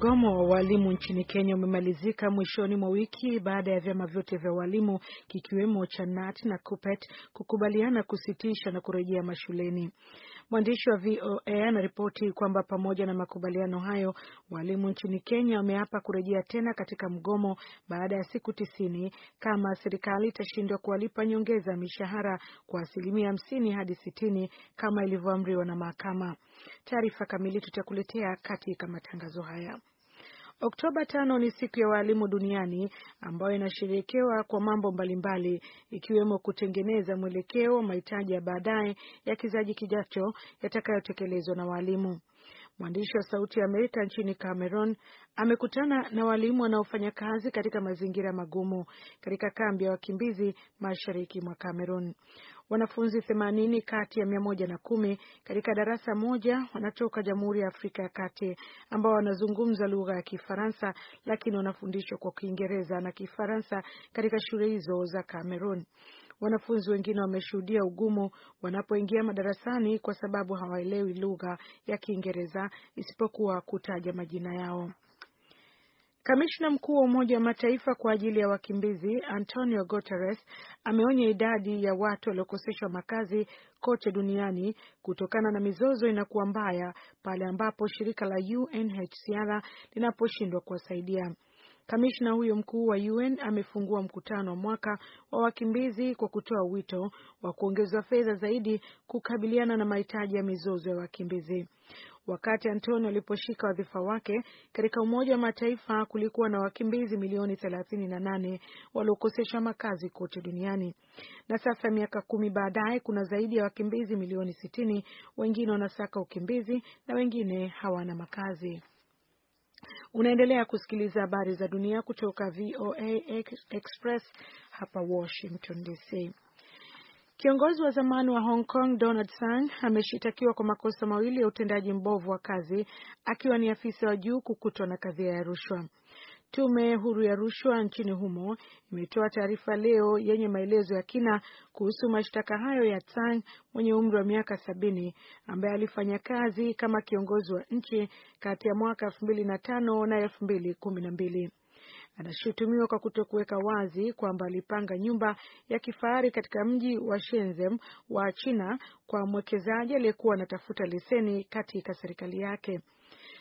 Mgomo wa walimu nchini Kenya umemalizika mwishoni mwa wiki baada ya vyama vyote vya walimu kikiwemo cha na KUPPET kukubaliana kusitisha na kurejea mashuleni. Mwandishi wa VOA anaripoti kwamba pamoja na makubaliano hayo, walimu nchini Kenya wameapa kurejea tena katika mgomo baada ya siku tisini kama serikali itashindwa kuwalipa nyongeza ya mishahara kwa asilimia hamsini hadi sitini kama ilivyoamriwa na mahakama. Taarifa kamili tutakuletea katika matangazo haya. Oktoba tano ni siku ya waalimu duniani ambayo inasherehekewa kwa mambo mbalimbali ikiwemo kutengeneza mwelekeo wa mahitaji ya baadaye ya kizazi kijacho yatakayotekelezwa na waalimu. Mwandishi wa Sauti ya Amerika nchini Cameroon amekutana na walimu wanaofanya kazi katika mazingira magumu katika kambi ya wakimbizi mashariki mwa Cameroon. Wanafunzi themanini kati ya mia moja na kumi katika darasa moja wanatoka Jamhuri ya Afrika ya Kati ambao wanazungumza lugha ya Kifaransa, lakini wanafundishwa kwa Kiingereza na Kifaransa katika shule hizo za Cameroon. Wanafunzi wengine wameshuhudia ugumu wanapoingia madarasani kwa sababu hawaelewi lugha ya Kiingereza isipokuwa kutaja majina yao. Kamishna mkuu wa Umoja wa Mataifa kwa ajili ya wakimbizi Antonio Guterres ameonya idadi ya watu waliokoseshwa makazi kote duniani kutokana na mizozo inakuwa mbaya pale ambapo shirika la UNHCR linaposhindwa kuwasaidia. Kamishna huyo mkuu wa UN amefungua mkutano wa mwaka wa wakimbizi kwa kutoa wito wa kuongezwa fedha zaidi kukabiliana na mahitaji ya mizozo ya wakimbizi. Wakati Antonio aliposhika wadhifa wake katika Umoja wa Mataifa, kulikuwa na wakimbizi milioni 38 waliokosesha makazi kote duniani, na sasa miaka kumi baadaye kuna zaidi ya wakimbizi milioni 60, wengine wanasaka ukimbizi na wengine hawana makazi. Unaendelea kusikiliza habari za dunia kutoka VOA Express hapa Washington DC. Kiongozi wa zamani wa Hong Kong Donald Tsang ameshitakiwa kwa makosa mawili ya utendaji mbovu wa kazi akiwa ni afisa wa juu kukutwa na kadhia ya rushwa. Tume huru ya rushwa nchini humo imetoa taarifa leo yenye maelezo ya kina kuhusu mashtaka hayo ya Tsang mwenye umri wa miaka sabini ambaye alifanya kazi kama kiongozi wa nchi kati ya mwaka elfu mbili na tano na elfu mbili kumi na mbili. Anashutumiwa kwa kutokuweka wazi kwamba alipanga nyumba ya kifahari katika mji wa Shenzhen wa China kwa mwekezaji aliyekuwa anatafuta leseni katika serikali yake.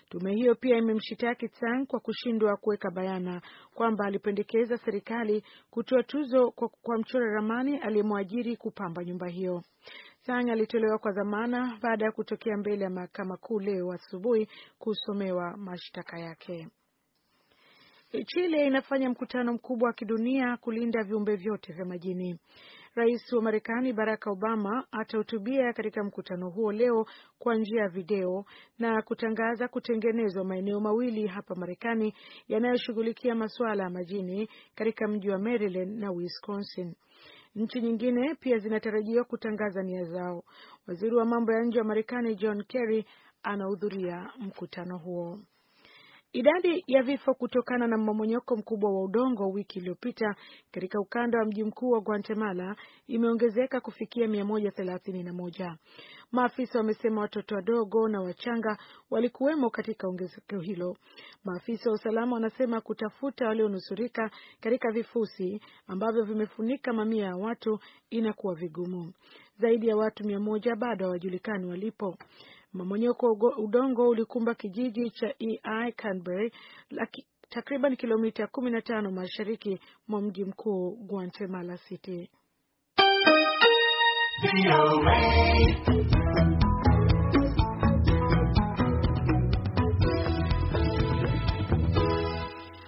Tume hiyo pia imemshitaki Tsang kwa kushindwa kuweka bayana kwamba alipendekeza serikali kutoa tuzo kwa, kwa mchora ramani aliyemwajiri kupamba nyumba hiyo. Tsang alitolewa kwa dhamana baada ya kutokea mbele ya mahakama kuu leo asubuhi kusomewa mashtaka yake. Chile inafanya mkutano mkubwa wa kidunia kulinda viumbe vyote vya majini. Rais wa Marekani Barack Obama atahutubia katika mkutano huo leo kwa njia ya video na kutangaza kutengenezwa maeneo mawili hapa Marekani yanayoshughulikia masuala ya majini katika mji wa Maryland na Wisconsin. Nchi nyingine pia zinatarajiwa kutangaza nia zao. Waziri wa mambo ya nje wa Marekani John Kerry anahudhuria mkutano huo. Idadi ya vifo kutokana na mmomonyoko mkubwa wa udongo wiki iliyopita katika ukanda wa mji mkuu wa Guatemala imeongezeka kufikia moja. Maafisa wamesema watoto wadogo na wachanga walikuwemo katika ongezeko hilo. Maafisa wa usalama wanasema kutafuta walionusurika katika vifusi ambavyo vimefunika mamia ya watu inakuwa vigumu. Zaidi ya watu mia moja bado hawajulikani walipo. Mmomonyoko wa udongo ulikumba kijiji cha EI Canberra takriban kilomita 15 mashariki mwa mji mkuu Guatemala City.